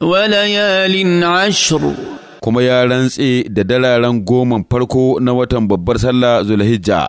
وليال Ashiru? kuma ya rantse da dararen goman farko na watan babbar sallah zulhijja